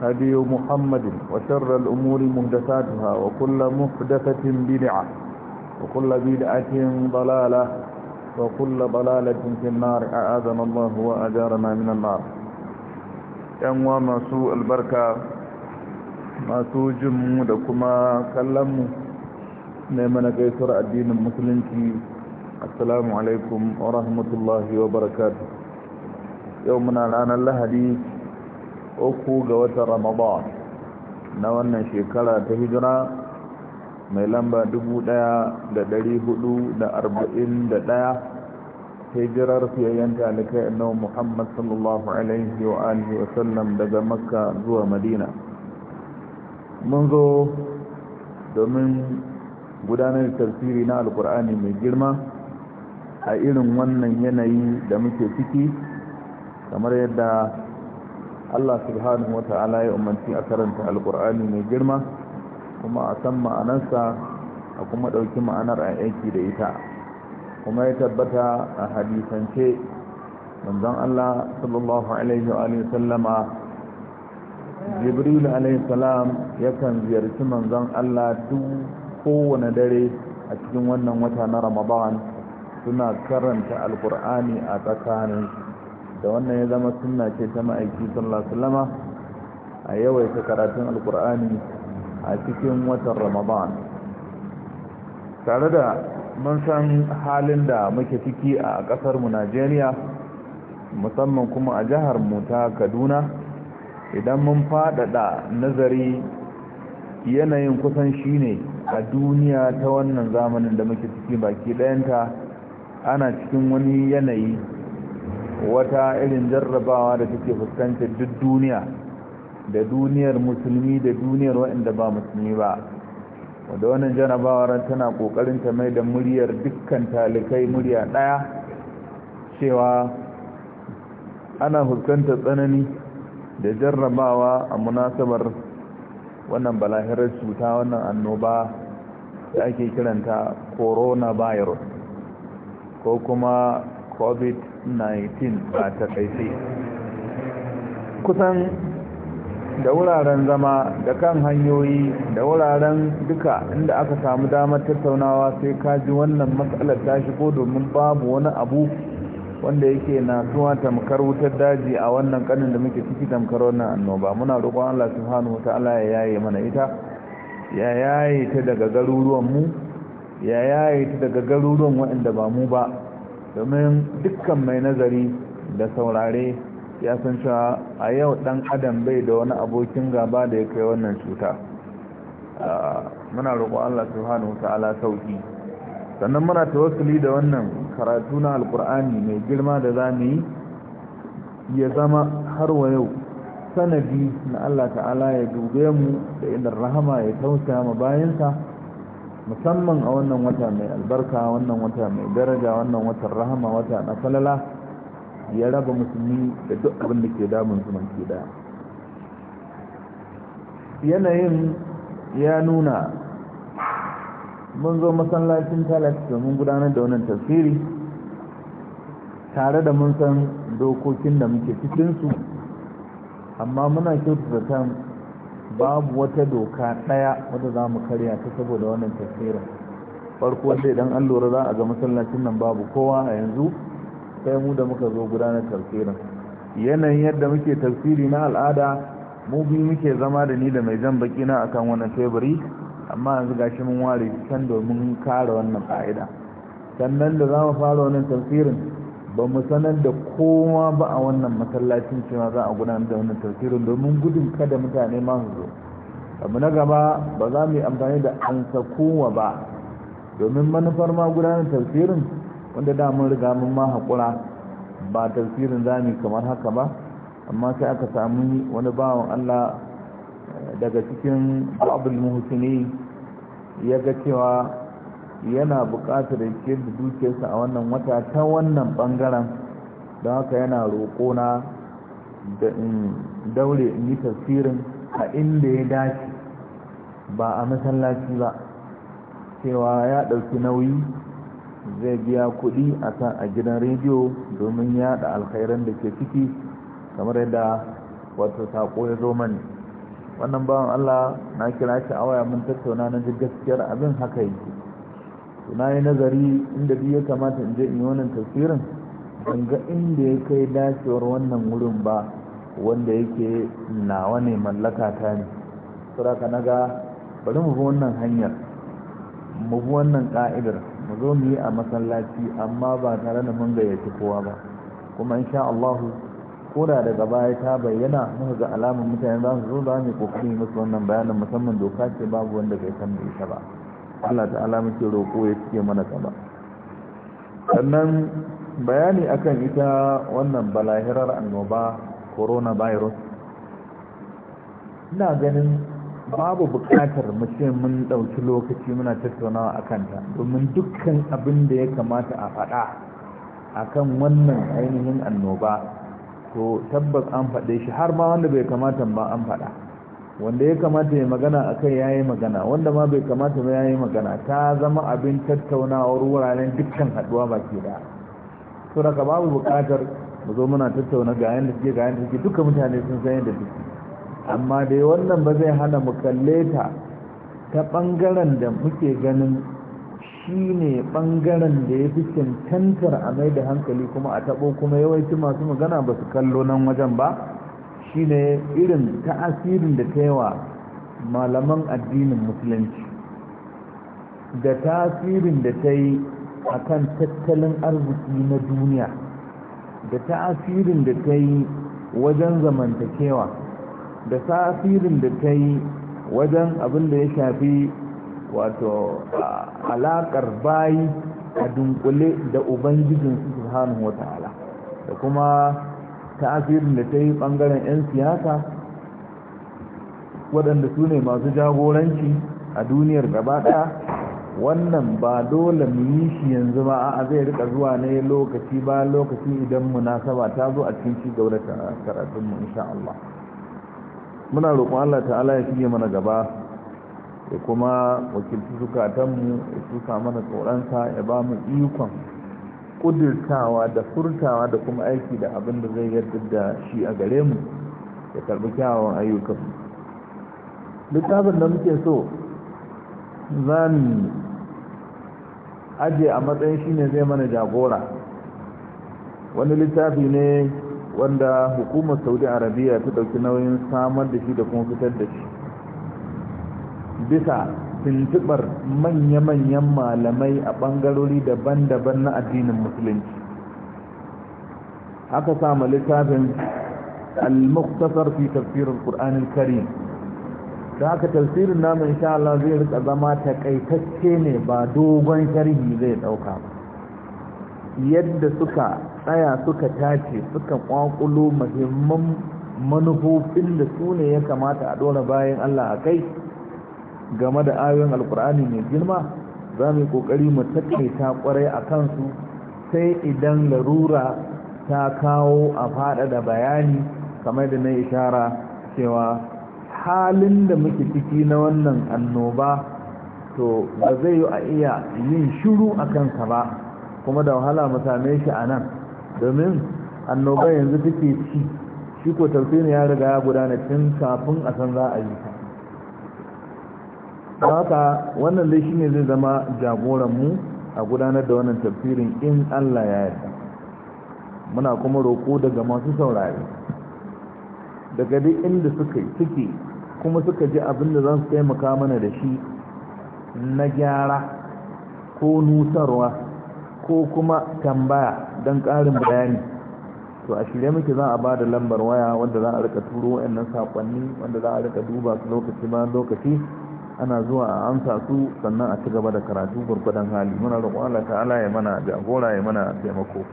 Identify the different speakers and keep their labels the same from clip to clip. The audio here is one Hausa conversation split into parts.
Speaker 1: هدي محمد وشر الأمور مهدساتها وكل محدثة بدعة وكل بدعة ضلالة وكل ضلالة في النار أعاذنا الله وأجارنا من النار yanwa masu albarka masu jinmu da kuma kallonmu na mana gaisuwar addinin musulunci assalamu alaikum wa rahmatullahi wa barakatu yau muna ranar lahadi uku ga watan ramadan na wannan shekara ta hijira mai lamba 1441 hijirar fiyayyen talikai annabi muhammad sallallahu alaihi wa alihi wa sallam daga makka zuwa madina mun zo domin gudanar da tafsiri na alkur'ani mai girma a irin wannan yanayi da muke ciki kamar yadda Allah subhanahu wa ta'ala ya umarci a karanta alkur'ani mai girma kuma a san ma'anarsa a kuma ɗauki ma'anar a aiki da ita kuma ya tabbata a hadisance manzon Allah sallallahu alaihi wa sallama jibril alaihi salam yakan ziyarci manzon Allah duk kowane dare a cikin wannan wata na ramadan suna karanta alkur'ani a tsakaninsu da wannan ya zama sunna ce ta ma'aiki sallallahu alaihi a yawaita karatun alkur'ani a cikin watan ramadan tare da mun san halin da muke ciki a kasar mu Najeriya musamman kuma a jihar mu ta Kaduna idan mun fadada nazari yanayin kusan shine a duniya ta wannan zamanin da muke ciki baki ɗayanta ana cikin wani yanayi wata irin jarrabawa da take fuskantar duk duniya da duniyar musulmi da duniyar waɗanda ba musulmi ba wadda wannan jarrabawar tana ƙoƙarin ta mai da muryar dukkan talikai murya ɗaya cewa ana fuskantar tsanani da jarrabawa a munasabar wannan balahirar cuta wannan annoba da ake kiranta coronavirus ko kuma covid-19 a takaice kusan da wuraren zama da kan hanyoyi da wuraren duka inda aka samu damar tattaunawa sai ka ji wannan matsalar ta shigo domin babu wani abu wanda yake na zuwa tamkar wutar daji a wannan kanin da muke ciki tamkar wannan annoba muna roƙon Allah subhanahu wata'ala ya yaye mana ita ya yaye ta daga garuruwan mu ya yaye ta daga garuruwan waɗanda ba mu ba domin dukkan mai nazari da saurare ya san cewa a yau dan adam bai da wani abokin gaba da ya kai wannan cuta muna roƙo Allah subhanahu ta'ala sauki sannan muna tawassuli da wannan karatu na alkur'ani mai girma da zamu yi ya zama har wa yau sanadi na Allah ta'ala ya dube mu da inda rahama ya tausaya mu bayansa musamman a wannan wata mai albarka wannan wata mai daraja wannan watan rahama wata na falala ya raba musulmi da duk abin da ke damun su ke daya yanayin ya nuna mun zo masallacin talat domin gudanar da wannan tafsiri tare da mun san dokokin da muke cikinsu amma muna kyautata kan babu wata doka ɗaya wadda za mu karya ta saboda wannan tafsirin farko wanda idan an lura za a ga masallacin nan babu kowa a yanzu sai mu da muka zo gudanar tafsirin yanayin yadda muke tafsiri na al'ada mu biyu muke zama da ni da mai jan baki na akan wannan teburi amma yanzu gashi mun ware can domin kare wannan ka'ida sannan da za mu fara wannan tafsirin ba mu sanar da kowa ba a wannan masallacin cewa za a gudanar da wannan tafsirin domin gudun kada mutane su zo abu na gaba ba za mu yi amfani da ansa kowa ba domin manufar ma gudanar tafsirin wanda da mun riga mun ma haƙura ba tafsirin za mu kamar haka ba amma sai aka samu wani bawan allah daga cikin abul muhsini ya ga cewa yana buƙatar ya da dukiyarsa a wannan wata ta wannan ɓangaren don haka yana roƙo na da in daure in yi tafsirin a inda ya dace ba a masallaci ba cewa ya ɗauki nauyi zai biya kuɗi a kan a gidan rediyo domin yaɗa alkhairan da ke ciki kamar yadda wata saƙo ya zo mani wannan bawan allah na kira shi a waya mun tattauna na gaskiyar abin haka yake to na yi nazari inda biyu ya kamata in je in yi wannan tafsirin ban ga inda ya kai dacewar wannan wurin ba wanda yake nawa ne mallaka ta ne suraka na ga bari mu bi wannan hanyar mu bi wannan ka'idar mu zo mu yi a masallaci amma ba tare da mun gayyaci kowa ba kuma in sha ko koda daga baya ta bayyana muka ga alamun mutane za su zo za mu yi kokari musu wannan bayanin musamman doka ce babu wanda bai san da ita ba Allah ta'ala muke roƙo ya cike mana gaba sannan bayani akan ita wannan balahirar annoba coronavirus ina ganin babu bukatar mace mun ɗauki lokaci muna tattaunawa a kanta domin dukkan abin da ya kamata a faɗa akan wannan ainihin annoba to tabbas an faɗe shi har ma wanda bai kamata ba an faɗa wanda ya kamata ya magana a kai ya magana wanda ma bai kamata ba ya magana ta zama abin tattaunawar wuraren dukkan haduwa ba ke da to daga babu bukatar mu zo muna tattauna ga yanda suke ga yanda suke duka mutane sun san yadda suke amma dai wannan ba zai hana mu kalle ta ta bangaren da muke ganin shi ne ɓangaren da ya fi cancantar a mai da hankali kuma a taɓo kuma yawanci masu magana ba su kallo nan wajen ba shine irin ta'asirin da ta yawa malaman addinin musulunci da ta'asirin da ta yi a kan tattalin arziki na duniya da ta'asirin da ta yi wajen zamantakewa da ta'asirin da ta yi wajen abin da ya shafi wato alaƙar bayi a dunkule da ubangijin su wa ta'ala da kuma tasirin da ta yi ɓangaren 'yan siyasa waɗanda su ne masu jagoranci a duniyar gaba ɗaya wannan ba dole mu yi shi yanzu ba a zai rika zuwa ne lokaci ba lokaci idan munasaba ta zo a cikin cigaba da karatunmu insha Allah muna roƙon Allah ta'ala ya shige mana gaba ya kuma wakilci zukatanmu ya tusa mana tsoronsa ya ba mu ikon kudurtawa da furtawa da kuma aiki da abin da zai yarda da shi a gare mu ya karbi kyawawan ayyukan littafin da muke so za mu aje a matsayin shi ne zai mana jagora wani littafi ne wanda hukumar saudi arabiya ta ɗauki nauyin samar da shi da kuma fitar da shi bisa tuntubar manya-manyan malamai a ɓangarori daban-daban na addinin musulunci aka samu littafin al-muktasar fi tafsirin ƙur'anin karim da aka tafsirin namun insha Allah zai rika zama takaitacce ne ba dogon sharhi zai ɗauka yadda suka tsaya suka tace suka ƙwaƙulo mahimman manufofin da su ne ya kamata a ɗora bayan Allah a kai game da ayoyin alkur'ani mai girma za mu yi kokari mu takaita kwarai a kansu sai idan larura ta kawo a fada da bayani kamar da na ishara cewa halin da muke ciki na wannan annoba to ba zai yi a iya yin shiru a kansa ba kuma da wahala mu same shi a nan domin annoba yanzu take ci shi ko tafsirin ya riga ya gudana tun kafin a san za a yi ta haka wannan dai shine zai zama jagoran mu a gudanar da wannan tafsirin in Allah ya yarda muna kuma roko daga masu saurare daga duk inda suka suke kuma suka ji abin da za su taimaka mana da shi na gyara ko nusarwa ko kuma tambaya don ƙarin bayani to a shirye muke za a ba da lambar waya wanda za a rika turo wa'annan saƙonni wanda za a rika duba su lokaci ma lokaci ana zuwa a amsa su sannan a ci gaba da karatu gurgudan hali muna roƙon Allah ta'ala ya mana jagora ya mana taimako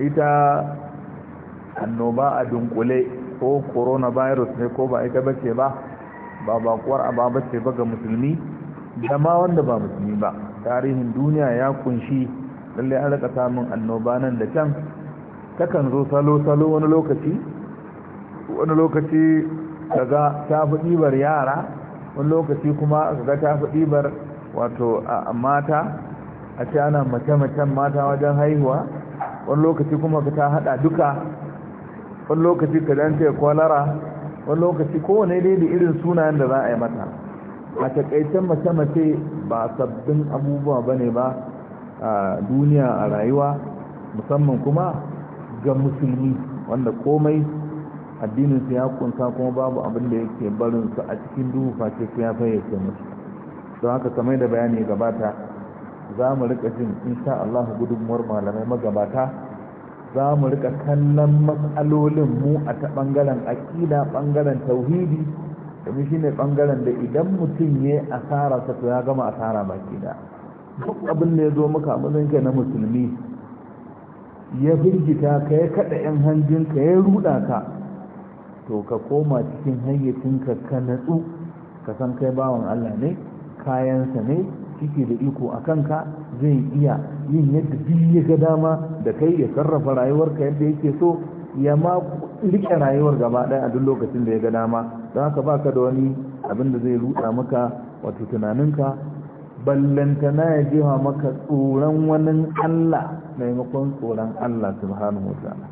Speaker 1: ita annoba a dunkule ko virus ne ko ba ita bace ba ba bakuwar ababa ce ba ga musulmi da wanda ba musulmi ba tarihin duniya ya kunshi lalle an rika samun annoba nan da can takan zo salo salo wani lokaci wani lokaci kaga ta ɗibar yara wani lokaci kuma kaga ta ɗibar wato mata a ce ana mace-macen mata wajen haihuwa wani lokaci kuma ka ta haɗa duka wani lokaci ka danta ya kwalara wani lokaci kowane dai da irin sunayen da za a yi mata a takaicen mace-mace ba sabbin abubuwa ba ne ba a duniya a rayuwa musamman kuma ga musulmi wanda komai addinin su ya kunsa kuma babu abin da yake barin su a cikin duhu face su ya fayyace musu don haka kamar da bayani gabata za mu rika jin insha Allah gudunmuwar malamai magabata za mu rika kallon matsalolin mu a ta bangaren akida bangaren tauhidi domin shine bangaren da idan mutum ya asara sa to ya gama asara baki da duk abin da ya zo maka mazinka na musulmi ya birgita ka ya kada yan hanjinka ya ruda ka to ka koma cikin hayyacinka ka natsu ka san kai bawan Allah ne kayansa ne ciki da iko a kanka zai iya yin yadda duk ya ga dama da kai ya sarrafa rayuwarka yadda yake so ya ma rike rayuwar gaba ɗaya a duk lokacin da ya ga dama don haka baka da wani abin da zai ruɗa maka wato tunaninka ballantana ya jefa maka tsoron wani Allah maimakon tsoron Allah subhanahu wa ta'ala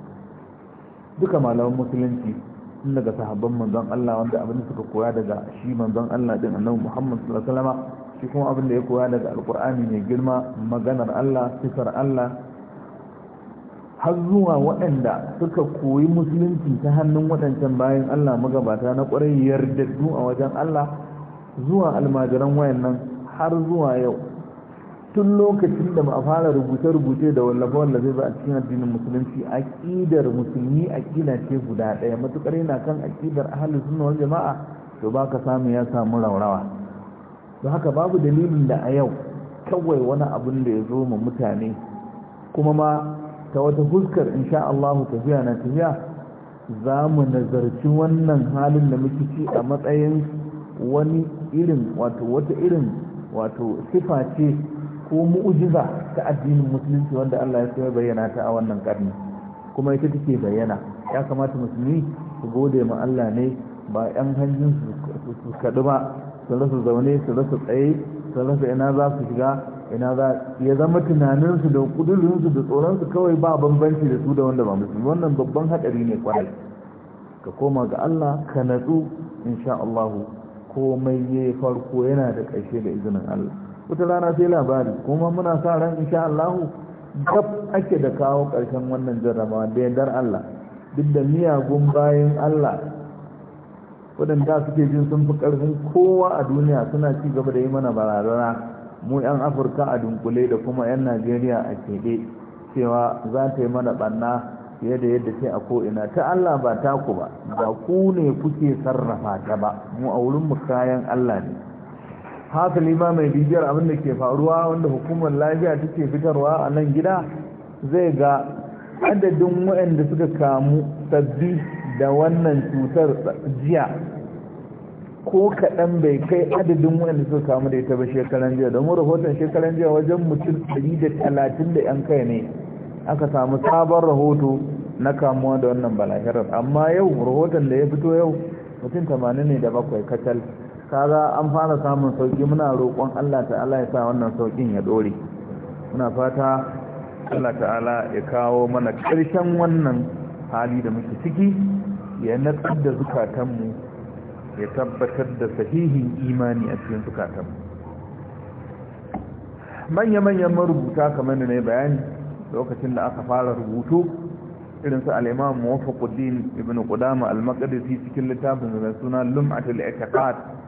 Speaker 1: duka malaman musulunci tun daga sahabban manzon Allah wanda abin da suka koya daga shi manzon Allah din annabi Muhammad sallallahu alaihi wasallam shi kuma abin da ya koya daga alqur'ani ne girma maganar Allah sifar Allah har zuwa waɗanda suka koyi musulunci ta hannun waɗancan bayan Allah magabata na ƙwarai yardaddu a wajen Allah zuwa almajiran wayannan har zuwa yau tun lokacin da ba a fara rubuce-rubuce da wallafa-wallafe ba a cikin addinin musulunci aƙidar musulmi aƙida ce guda ɗaya matuƙar yana kan aƙidar ahalin suna wani jama'a to ba ka samu ya samu raurawa To haka babu dalilin da a yau kawai wani abun da ya zo ma mutane kuma ma ta wata fuskar sha Allah tafiya na tafiya za mu nazarci wannan halin da muke ci a matsayin wani irin wato wata irin wato sifa ce ko mu'ujiza ta addinin musulunci wanda Allah ya so ya bayyana ta a wannan karni kuma ita take bayyana ya kamata musulmi su gode ma Allah ne ba yan hanjin su kaɗu ba su rasa zaune su rasa tsaye su rasa ina za su shiga ina za ya zama tunaninsu da kudurinsu da tsoronsu kawai ba bambanci da su da wanda ba musulmi wannan babban haɗari ne kwarai ka koma ga Allah ka natsu insha Allah komai ya farko yana da ƙarshe da izinin Allah wata rana sai labari kuma muna sa ran insha Allah gab ake da kawo karshen wannan jarrabawa da yardar Allah duk da miyagun bayan Allah waɗanda suke jin sun fi ƙarfin kowa a duniya suna ci gaba da yi mana barazana mu 'yan afirka a dunkule da kuma 'yan najeriya a keɗe cewa za ta yi mana ɓanna fiye da yadda sai a ko'ina ta allah ba taku ba ba ku ne kuke sarrafa ta ba mu a wurin mu kayan allah ne hakali ma mai bibiyar abin da ke faruwa wanda hukumar lafiya take fitarwa a nan gida zai ga adadin waɗanda suka kamu sabbi da wannan cutar jiya ko kaɗan bai kai adadin waɗanda suka kamu da ita ba shekaran jiya domin rahoton shekaran jiya wajen mutum 130 da 'yan kai ne aka samu sabon rahoto na kamuwa da wannan balahirar amma yau rahoton da ya fito yau mutum tamanin ne da bakwai kacal kaga an fara samun sauki muna roƙon Allah ta'ala ya sa wannan saukin ya dore muna fata Allah ta'ala ya kawo mana ƙarshen wannan hali da muke ciki ya natsar da zukatanmu ya tabbatar da sahihin imani a cikin zukatanmu manya-manyan marubuta kamar da na yi bayani lokacin da aka fara rubutu irin su al'imam muwafaquddin ibn qudama al-maqdisi cikin littafin da suna lum'atul i'tiqad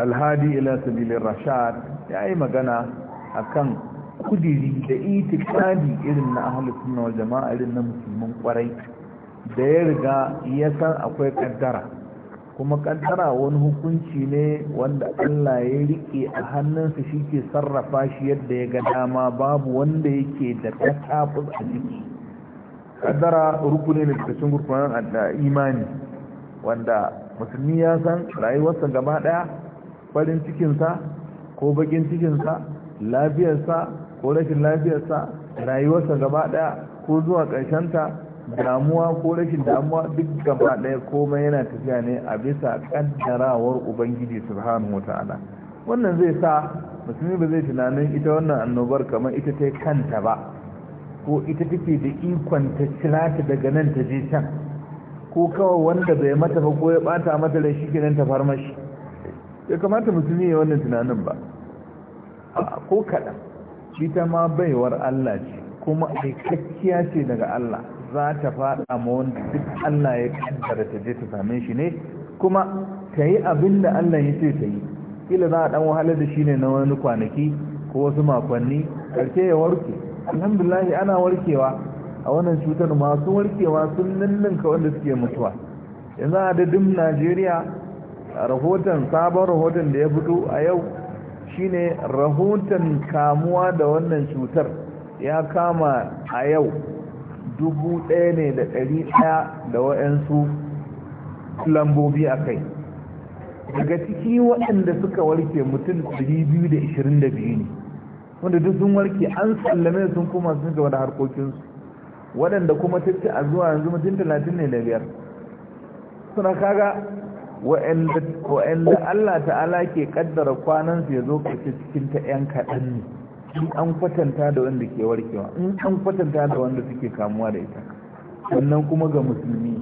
Speaker 1: alhadi ila sabilin rashad ya yi magana kan kudiri da itikadi irin na ahalus sunna jama'a irin na musulmin kwarai da ya riga ya san akwai kaddara kuma kaddara wani hukunci ne wanda Allah ya rike a hannunsa shi ke sarrafa shi yadda ya ga dama babu wanda yake da katafus a jiki kaddara rukuni ne cikin gurfanan imani wanda musulmi ya san rayuwarsa gaba daya farin cikinsa ko bakin cikinsa lafiyarsa ko rashin lafiyarsa rayuwarsa gaba daya ko zuwa ƙarshen ta damuwa ko rashin damuwa duk gaba daya komai yana tafiya ne a bisa kaddarawar ubangiji subhanahu wataala wannan zai sa musulmi ba zai tunanin ita wannan annobar kamar ita ta kanta ba ko ita take da ikon ta cila ta daga nan ta je can ko kawai wanda bai mata ba ko ya bata mata da shi kenan ta farmashi ya kamata musulmi ya wannan tunanin ba ko kaɗan shi ta ma baiwar Allah ce kuma aikakkiya ce daga Allah za ta faɗa ma wanda duk Allah ya kaddara ta je ta same shi ne kuma ta yi abin da Allah ya ce ta yi kila za a ɗan wahala da shi ne na wani kwanaki ko wasu makonni ƙarshe ya warke alhamdulahi ana warkewa a wannan cutar masu warkewa sun ninninka wanda suke mutuwa yanzu a dadin najeriya rahoton sabon rahoton da ya fito a yau shine rahoton kamuwa da wannan cutar ya kama a yau dubu ɗaya ne da ɗari ɗaya da waɗansu lambobi a kai daga ciki waɗanda suka warke mutum ɗari biyu da ishirin da biyu ne wanda duk sun warke an sallame sun kuma sun gaba da harkokinsu waɗanda kuma tattalin a zuwa yanzu mutum talatin ne da biyar suna kaga wa'anda Allah ta'ala ke kaddara kwanan su ya zo kace cikin ta yan kaɗan ne in an kwatanta da wanda ke warkewa in an kwatanta da wanda suke kamuwa da ita sannan kuma ga musulmi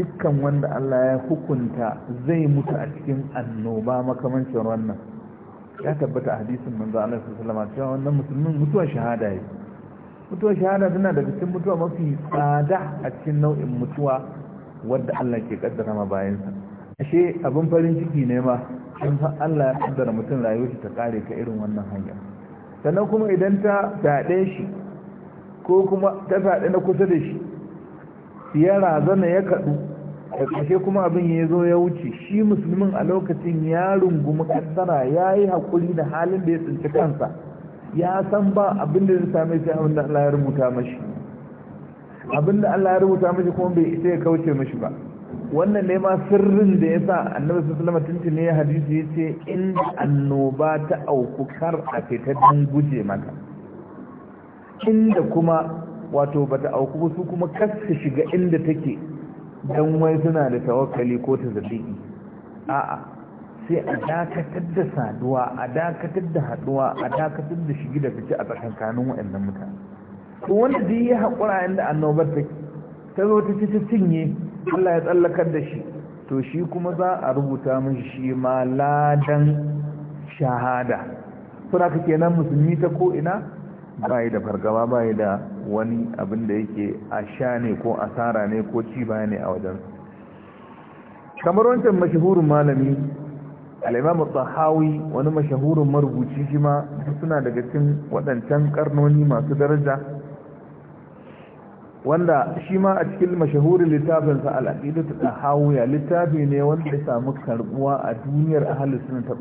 Speaker 1: dukkan wanda Allah ya hukunta zai mutu a cikin annoba makamancin wannan ya tabbata hadisin manzo Allah sallallahu alaihi wasallam wannan musulmin mutuwa shahada ne mutuwa shahada tana daga cikin mutuwa mafi tsada a cikin nau'in mutuwa wadda Allah ke kaddara ma bayansa ashe abin farin ciki ne ma in Allah ya kaddara mutum rayuwar ta kare ka irin wannan hanya sannan kuma idan ta fyaɗe shi ko kuma ta fyaɗe na kusa da shi ya razana ya kadu da ƙashe kuma abin ya zo ya wuce shi musulmin a lokacin ya rungumi kaddara ya yi haƙuri da halin da ya tsinci kansa ya san ba abin da zai same shi abin da Allah ya rubuta mashi abin da Allah ya rubuta mashi kuma bai isa ya kauce mashi ba wannan ne ma sirrin da ya sa annabi su sulama tuntune ya hadisi ya ce in annoba ta auku kar a fita don guje mata inda kuma wato bata auku su kuma kasta shiga inda take don wai suna da tawakkali ko ta zabi'i a'a sai a dakatar da saduwa a dakatar da haduwa a dakatar da shigi da fice a tsakankanin wa'annan mutane to wanda zai yi haƙura inda annobar take ta zo ta ci ta cinye Allah ya tsallakar da shi to shi kuma za a rubuta mashi shi ma ladan shahada suna ka kenan musulmi ta ko ina bayi da fargaba bayi da wani abin da yake a sha ne ko asara ne ko ci baya ne a wajen kamar wancan mashahurin malami al'imamu tsahawi wani mashahurin marubuci shi ma suna daga cikin waɗancan karnoni masu daraja wanda shi ma a cikin mashahurin littafinsa sa ta hawuya littafi ne wanda ya samu karbuwa a duniyar ahli ta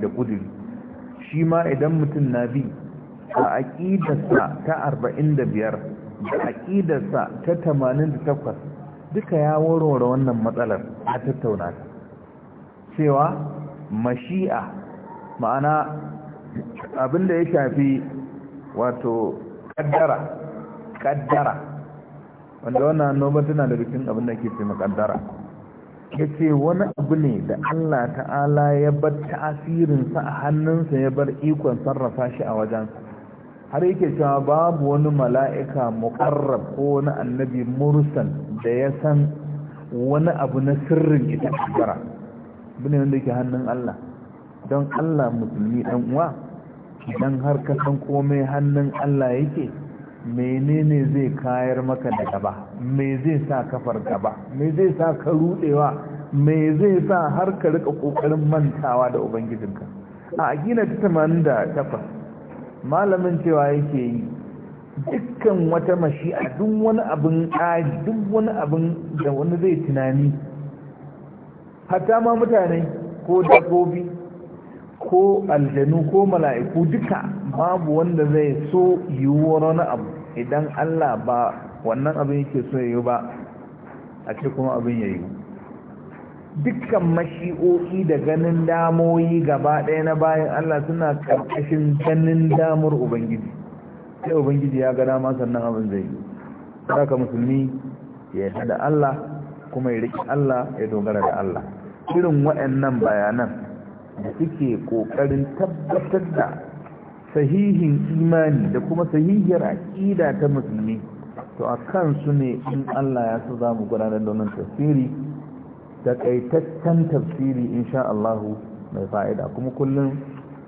Speaker 1: da kudiri shi ma idan mutum na bi a aƙidarsa ta 45 da aƙidarsa ta 88 duka ya warware wannan matsalar a tattauna cewa mashi'a ma'ana abinda ya shafi wato kaddara kaddara wanda wannan annoba tana da cikin abin da ke ce makaddara ya ce wani abu ne da Allah ta'ala ya bar tasirinsa a hannunsa ya bar ikon sarrafa shi a wajen har yake cewa babu wani mala'ika muƙarrab ko wani annabi mursan da ya san wani abu na sirrin ita shigara abu ne wanda yake hannun Allah don Allah musulmi dan uwa idan har ka san komai hannun Allah yake menene zai kayar maka da gaba me zai sa kafar gaba me zai sa ka rudewa me zai sa har ka rika kokarin mantawa da ubangijinka a gina takwas, malamin cewa yake yi dukkan wata mashi'a duk wani abin duk wani abin da wani zai tunani hatta ma mutane ko dabbobi ko aljanu ko mala'iku duka babu wanda zai so yiwuwar wani abu idan Allah ba wannan abin yake so yi ba a ce kuma abin ya yi dukkan mashi'o'i da ganin damoyi gaba ɗaya na bayan Allah suna karkashin ganin damar Ubangiji sai Ubangiji ya gada ma sannan abin zai yi saka musulmi ya yi da Allah kuma ya riƙe Allah ya dogara da Allah irin waɗannan bayanan da suke ƙoƙarin tabbatar da sahihin imani da kuma sahihiyar aƙida ta musulmi to a kansu ne in Allah ya so za mu gudanar da wannan tafsiri da ƙaitaccen tafsiri insha Allah mai fa'ida kuma kullum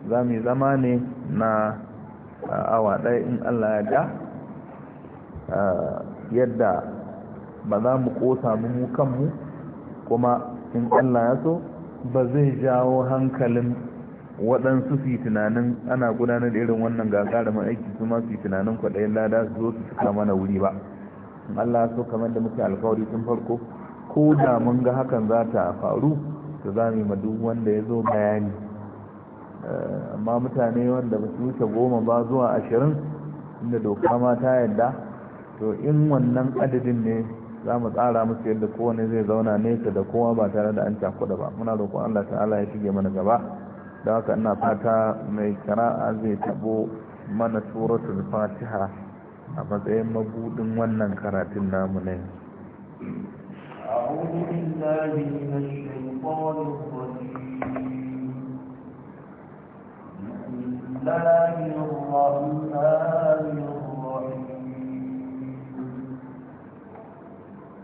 Speaker 1: za mu zama ne na awa ɗaya in Allah ya da yadda ba za mu ƙosa mu kanmu kuma in Allah ya so ba zai jawo hankalin waɗansu su tunanin ana gudanar irin wannan gasa gagarumin aiki su ma su tunanin kwaɗayin lada su zo su suka mana wuri ba in allah so kamar da muke alkawari tun farko ko da mun ga hakan za ta faru to za mu duk wanda ya zo bayani eh, amma mutane wanda ba su wuce goma ba zuwa ashirin inda doka ma ta yadda to in wannan adadin ne za mu tsara musu yadda kowane zai zauna nesa da kowa ba tare da an cakuɗa ba muna roƙon allah ta'ala ya shige mana gaba da haka ina fata mai kara'a zai tabo mana suratul fatiha a matsayin mabudin wannan karatun namu ne
Speaker 2: بسم الله الرحمن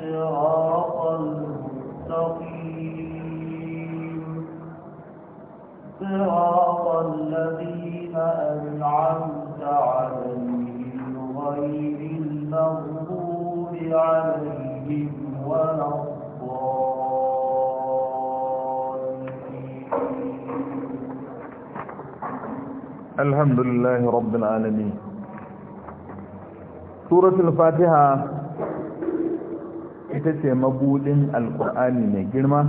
Speaker 2: صراط الذين أنعمت غير عليهم ولا الضالين
Speaker 1: الحمد لله رب العالمين سورة الفاتحة ita ce mabudin alkur'ani mai girma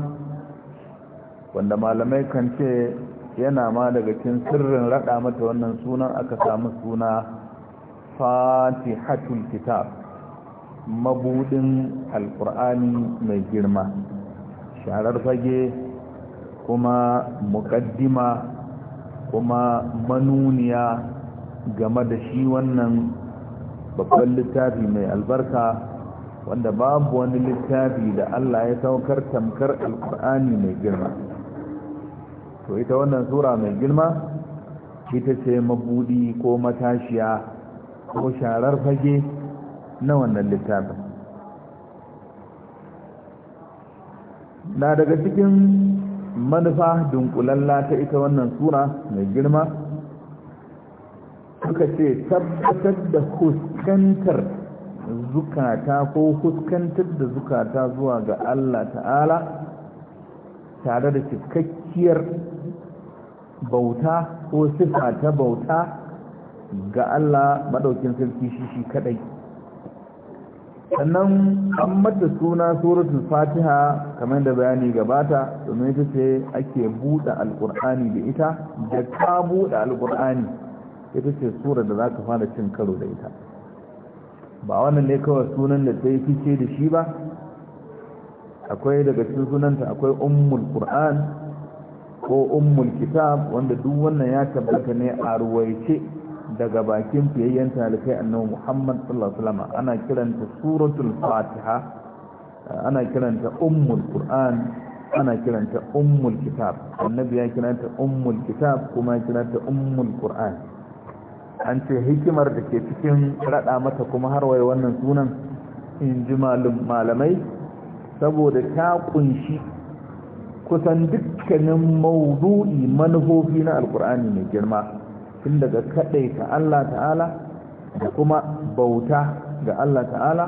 Speaker 1: wanda malamai kan ce yana ma daga cin sirrin rada mata wannan sunan aka samu suna fatihatul kitab mabudin alkur'ani mai girma sharar fage kuma muƙaddima kuma manuniya game da shi wannan babban littafi mai albarka wanda babu wani littafi da Allah ya saukar tamkar alkur'ani mai girma to ita wannan sura mai girma ita ce mabudi ko matashiya ko sharar fage na wannan littafin na daga cikin manufa dunkulalla ta ita wannan sura mai girma suka ce tabbatar da huskantar zukata ko huskantar da zukata zuwa ga Allah ta'ala tare da cikakkiyar bauta ko sifa ta bauta ga Allah maɗaukin sarki shi shi kaɗai sannan an mata suna suratul fatiha kamar da bayani gabata domin ita ce ake buɗe alƙur'ani da ita da ka buɗe alƙur'ani ita ce sura da za ka fara cin karo da ita ba wannan ne kawai sunan da sai fice da shi ba akwai daga cikin sunanta akwai ummul qur'an ko ummul kitab wanda duk wannan ya tabbata ne a ruwaice daga bakin fiyayyen talibai annabi Muhammad sallallahu alaihi wasallam ana kiranta suratul fatiha ana kiranta ummul qur'an ana kiranta ummul kitab annabi ya kiranta ummul kitab kuma ya kiranta ummul qur'an an ce hikimar da ke cikin raɗa mata kuma harwaye wannan sunan in ji malamai saboda ta kunshi kusan dukkanin maudu'i manufofi na alkur'ani mai girma tun daga ta Allah ta'ala da kuma bauta ga Allah ta'ala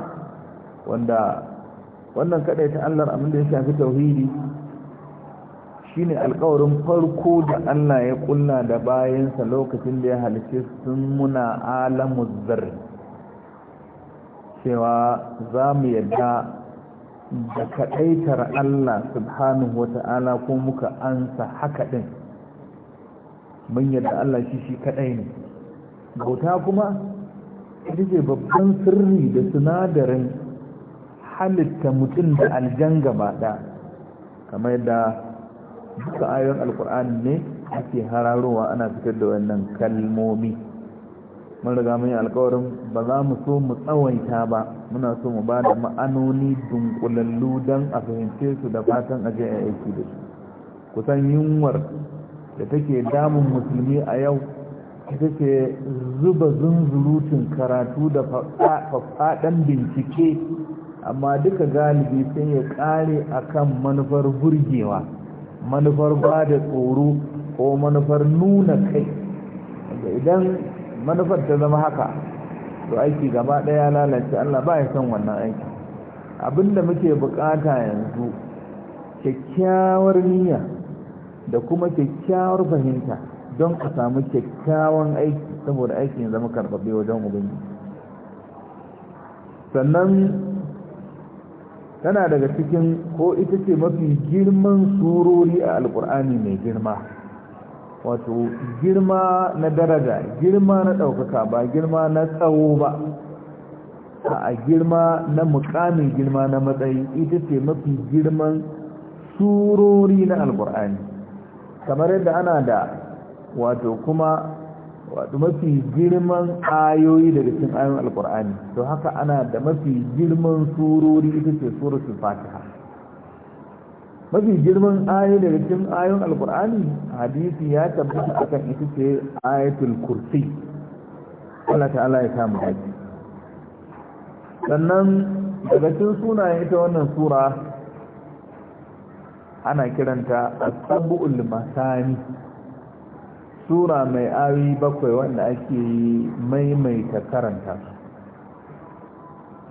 Speaker 1: wanda wannan ta Allah abinda ya shafi tauhidi shine alƙawarin farko da Allah ya kulla da bayansa lokacin da ya halice sun muna alamu zarri cewa za mu yadda da kaɗaitar Allah subhanahu wa ta'ala ko muka ansa haka ɗin mun yadda Allah shi shi kaɗai ne Gauta kuma ita ce babban sirri da sinadarin halitta mutum da aljan gaba ɗaya kamar yadda duka ayoyin alkur'ani ne ake hararowa ana fitar da wannan kalmomi mun riga mun yi alkawarin ba za mu so mu tsawaita ba muna so mu ba da ma'anoni dunkulallu don a fahimce su da fatan a a aiki da su kusan yunwar da take damun musulmi a yau ita ce zuba zunzurutun karatu da faɗaɗen bincike amma duka galibi sai ya ƙare akan manufar burgewa manufar ba da tsoro ko manufar nuna kai idan manufar ta zama haka to aiki gaba daya lalace Allah ba ya son wannan aiki abinda muke bukata yanzu kyakkyawar niyya da kuma kyakkyawar fahimta don a samu kyakkyawan aiki saboda aikin zama karɓaɓɓe wajen ubangiji sannan tana daga cikin ko ita ce mafi girman surori a alkur'ani mai girma wato girma na daraja girma na ɗaukaka ba girma na tsawo ba a girma na mukamin girma na matsayi ita ce mafi girman surori na alkur'ani kamar yadda ana da wato kuma wato mafi girman ayoyi daga cikin ayoyin alkur'ani to haka ana da mafi girman surori ita ce suratul fatiha mafi girman ayoyi daga cikin ayoyin alkur'ani hadisi ya tabbata akan ita ce ayatul kursi Allah ta'ala ya kama haji sannan daga cikin sunayen ita wannan sura ana kiranta as-sab'ul masani sura mai ayoyi bakwai wanda ake maimaita karanta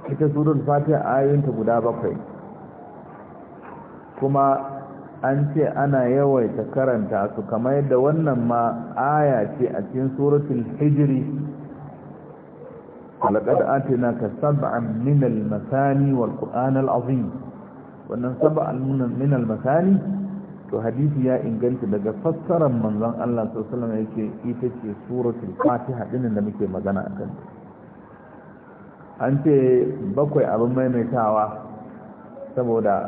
Speaker 1: ita surar fatiha ayoyinta guda bakwai kuma an ce ana yawaita karanta su kamar yadda wannan ma aya ce a cikin suratul hijri laqad atina ka sab'an min al-masani wal qur'an al-azim wannan sab'an min al-masani to hadisi ya inganta daga fassarar manzon Allah sallallahu alaihi yake ita ce suratul fatiha din da muke magana akan an ce bakwai abin maimaitawa saboda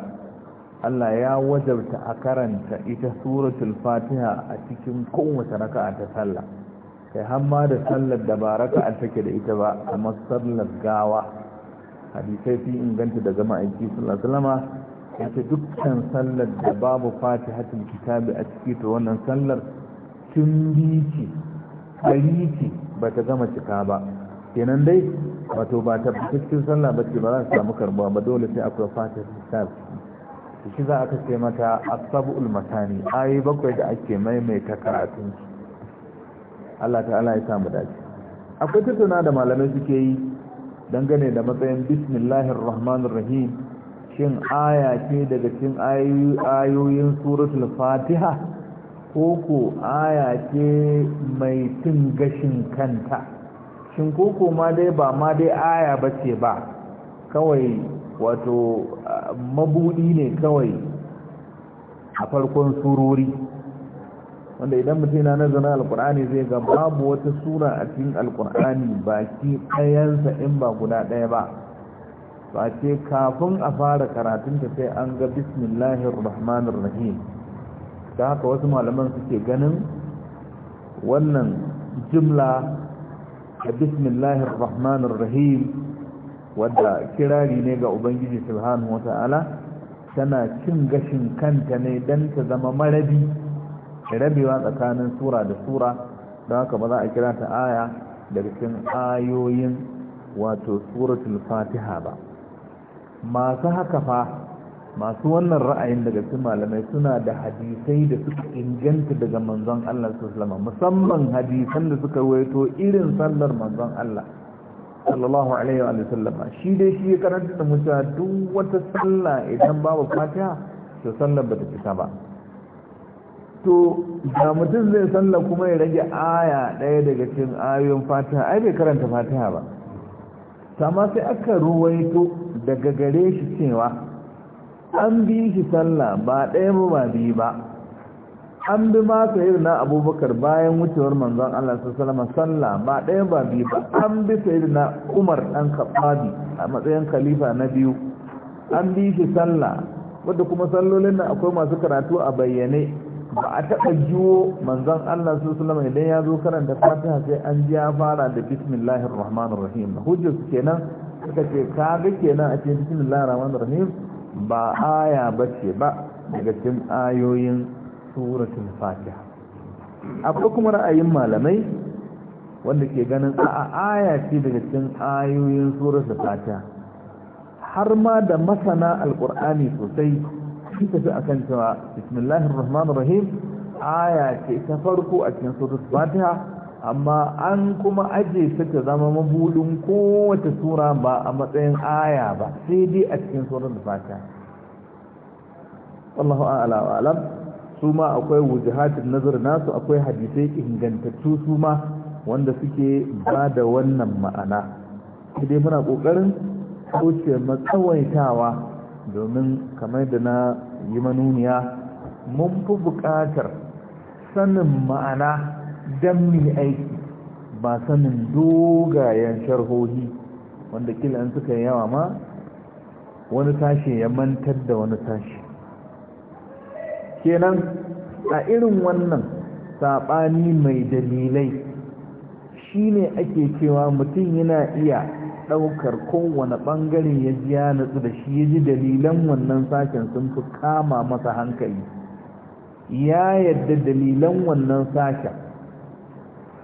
Speaker 1: Allah ya wajabta a karanta ita suratul fatiha a cikin kowace raka'a ta sallah kai hamma da sallar da baraka raka'a take da ita ba amma sallar gawa hadisai sun inganta daga ma'aiki sallallahu alaihi ya ta dukkan sallar da babu Fati hatin kitabi a ciki to wannan sallar tun bici ce ba ta gama cika ba kenan dai wato ba ta cikin sallar ba ce ba za su samu karbuwa ba dole sai akwai hatin kitabi shi za aka ce mata asabul a ayi bakwai da ake maimaita karatun Allah ta'ala ya samu dace akwai tattauna da malamai suke yi dangane da matsayin bismillahir rahmanir rahim shin aya ce daga cikin ayoyin suratul fatiha koko aya ce mai cin gashin kanta shin koko ma dai ba ma dai aya ba ce ba kawai wato mabudi ne kawai a farkon surori wanda idan mutum na nazarin alkur'ani zai ga babu wata sura a cikin alkur'ani baki ɗayansa in ba guda ɗaya ba ba kafin a fara karatunta sai an ga bismillahir rahmanir rahim ta haka wasu malaman suke ganin wannan jimla a bismillahir rahmanir rahim wadda kirari ne ga ubangiji subhanahu wa ta'ala tana cin gashin kanta ne don ta zama marabi rabewa tsakanin sura da sura don haka ba za a kira ta aya daga cikin ayoyin wato suratul fatiha ba masu haka fa masu wannan ra'ayin daga cikin malamai suna da hadisai da suka inganta daga manzon Allah sallallahu musamman hadisan da suka waito irin sallar manzon Allah sallallahu alaihi wa sallam shi dai shi ya karanta da musa duk wata sallah idan babu fatiha to sallar bata fita ba to da mutum zai sallar kuma ya rage aya daya daga cikin ayoyin fatiha ai bai karanta fatiha ba amma sai aka ruwaito daga gare shi cewa an bi shi sallah ba ɗaya ba ba biyu ba an bi ma na abubakar bayan wucewar manzon Allah sallallahu alaihi sallah ba ɗaya ba biyu ba an bi sayyidina Umar dan Khattabi a matsayin khalifa na biyu an bi shi sallah wanda kuma sallolin nan akwai masu karatu a bayyane ba a taɓa jiwo manzan Allah su sulama idan ya zo karanta fatiha sai an ji ya fara da bismillahir rahmanir rahim hujjar su kenan suka ce kaga kenan a ce bismillahir rahmanir rahim ba aya bace ba daga cikin ayoyin suratul fatiha akwai kuma ra'ayin malamai wanda ke ganin a aya ce daga cikin ayoyin suratul fatiha har ma da masana alqur'ani sosai sun tafi a kan cewa bismillahir rahmanir rahim aya ce ta farko a cikin suratul fatiha amma an kuma aje ta ta zama mabulin kowace sura ba a matsayin aya ba sai dai a cikin suratul fatiha wallahu a'ala wa alam su akwai wujuhatin nazar nasu akwai hadisai ingantattu su wanda suke ba da wannan ma'ana sai dai muna kokarin kauce matsawaitawa domin kamar da na yi manuniya mun fi buƙatar sanin ma'ana don mai aiki ba sanin dogayen sharhohi wanda kila in suka yawa ma wani sashe ya mantar da wani sashe kenan a irin wannan saɓani mai dalilai shine ake cewa mutum yana iya ɗaukar kowane bangare ya ji ya natsu da shi ya ji dalilan wannan sashen sun fi kama masa hankali ya yadda dalilan wannan sashen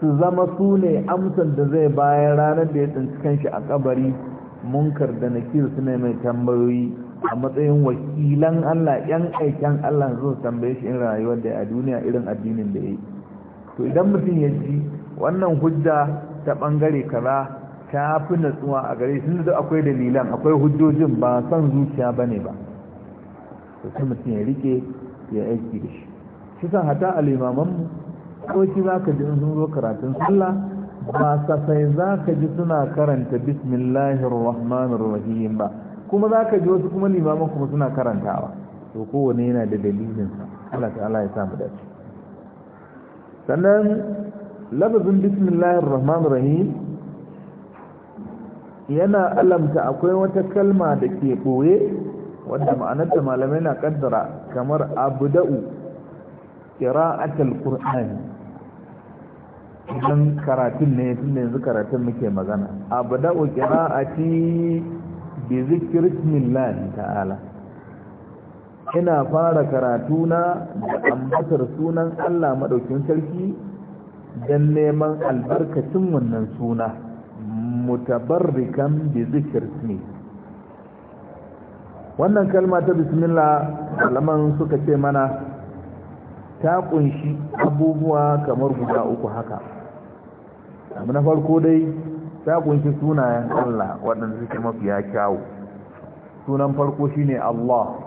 Speaker 1: su zama su ne amsar da zai bayan ranar da ya tsinci kan shi a kabari munkar da nakir ne mai tambayoyi a matsayin wakilan Allah yan aikin Allah zuwa tambaye shi in rayuwar da a duniya irin addinin da ya yi to idan mutum ya ji wannan hujja ta ɓangare kaza ta fi natsuwa a gare shi da akwai dalilan akwai hujjojin ba son zuciya ba ne ba to sai mutum ya rike ya aiki da shi shi san hata alimamanmu ko shi za ka ji in sun zo karatun sallah ba sai za ka ji suna karanta bismillahir rahmanir rahim ba kuma za ka ji wasu kuma limaman kuma suna karantawa to kowane yana da dalilinsa Allah ta'ala ya samu dace sannan lafazin bismillahir rahmanir rahim yana alamta akwai wata kalma da ke ɓoye wadda ma'anarta malamai na ƙaddara, kamar abda'u qira'atul qur'ani idan karatun ne tun yanzu karatun muke magana abda'u qira'ati bi ta'ala ina fara karatu na da ambatar sunan Allah maɗaukin sarki dan neman albarkacin wannan suna mutabarrikan bi zikr ismi wannan kalma ta bismillah alaman suka ce mana ta kunshi abubuwa kamar guda uku haka abu na farko dai ta kunshi sunayen Allah waɗanda suke mafiya kyawu sunan farko shine Allah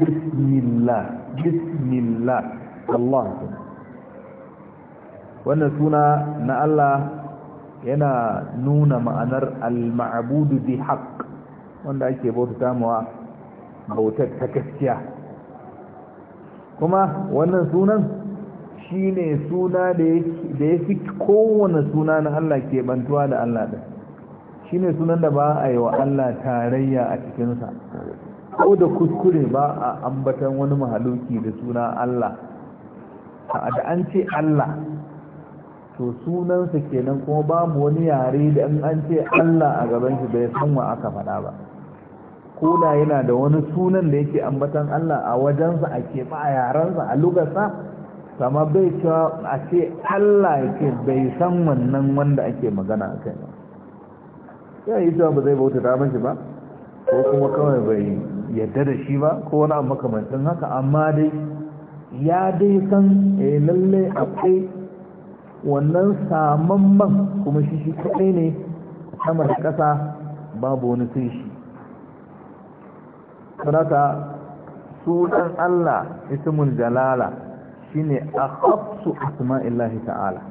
Speaker 1: bismillah bismillah Allah wannan suna na Allah yana nuna ma'anar al-ma'budu bi haqq wanda ake bauta mawa bautar ta gaskiya kuma wannan sunan shine suna da ya fi kowane suna na Allah ke bantuwa da Allah din shine sunan da ba a yi wa Allah tarayya a cikinsa ko da kuskure ba a ambatan wani mahaluki da suna Allah da an ce Allah to sunansa kenan kuma babu wani yare da in an ce Allah a gaban shi bai san wa aka faɗa ba ko da yana da wani sunan da yake ambatan Allah a wajensa a keɓa a yarensa a lugarsa sama bai cewa a ce Allah yake bai san wannan wanda ake magana a kai ba ya yi cewa ba zai bauta ta mashi ba ko kuma kawai bai yadda da shi ba ko wani abu makamancin haka amma dai ya dai san eh lalle akwai wannan samamman kuma shi shi kaɗai ne sama da ƙasa babu wani sun shi su sunan Allah ismul jalala shine akhafsu asma'illahi ta'ala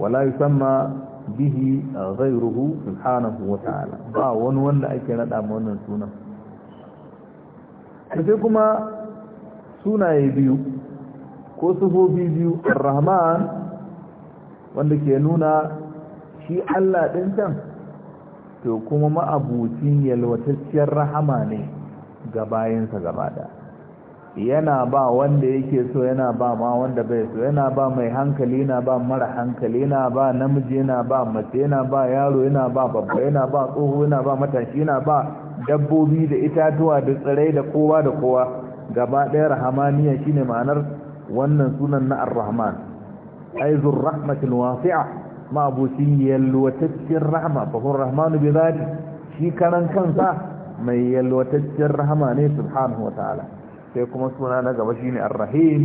Speaker 1: wala sama bihi ghayruhu subhanahu wa ta'ala ba wani wanda ake raɗa ma wannan sunan sai kuma sunaye biyu ko sufofi biyu rahman wanda ke nuna shi Allah ɗin can to kuma ma'abucin yalwatacciyar rahama ne ga bayansa gaba da yana ba wanda yake so yana ba ma wanda bai so yana ba mai hankali yana ba mara hankali yana ba namiji yana ba mace yana ba yaro yana ba babba yana ba tsoho yana ba matashi yana ba dabbobi da itatuwa da tsirai da kowa da kowa gaba ɗaya rahamaniya shine ma'anar wannan sunan na ar-rahman ai zur rahmatin wasi'a ma abucin yalwataccen rahma fa huwa rahmanu bi zati shi kanan kansa mai yalwataccen rahma ne subhanahu wataala sai kuma suna na gaba shine ar-rahim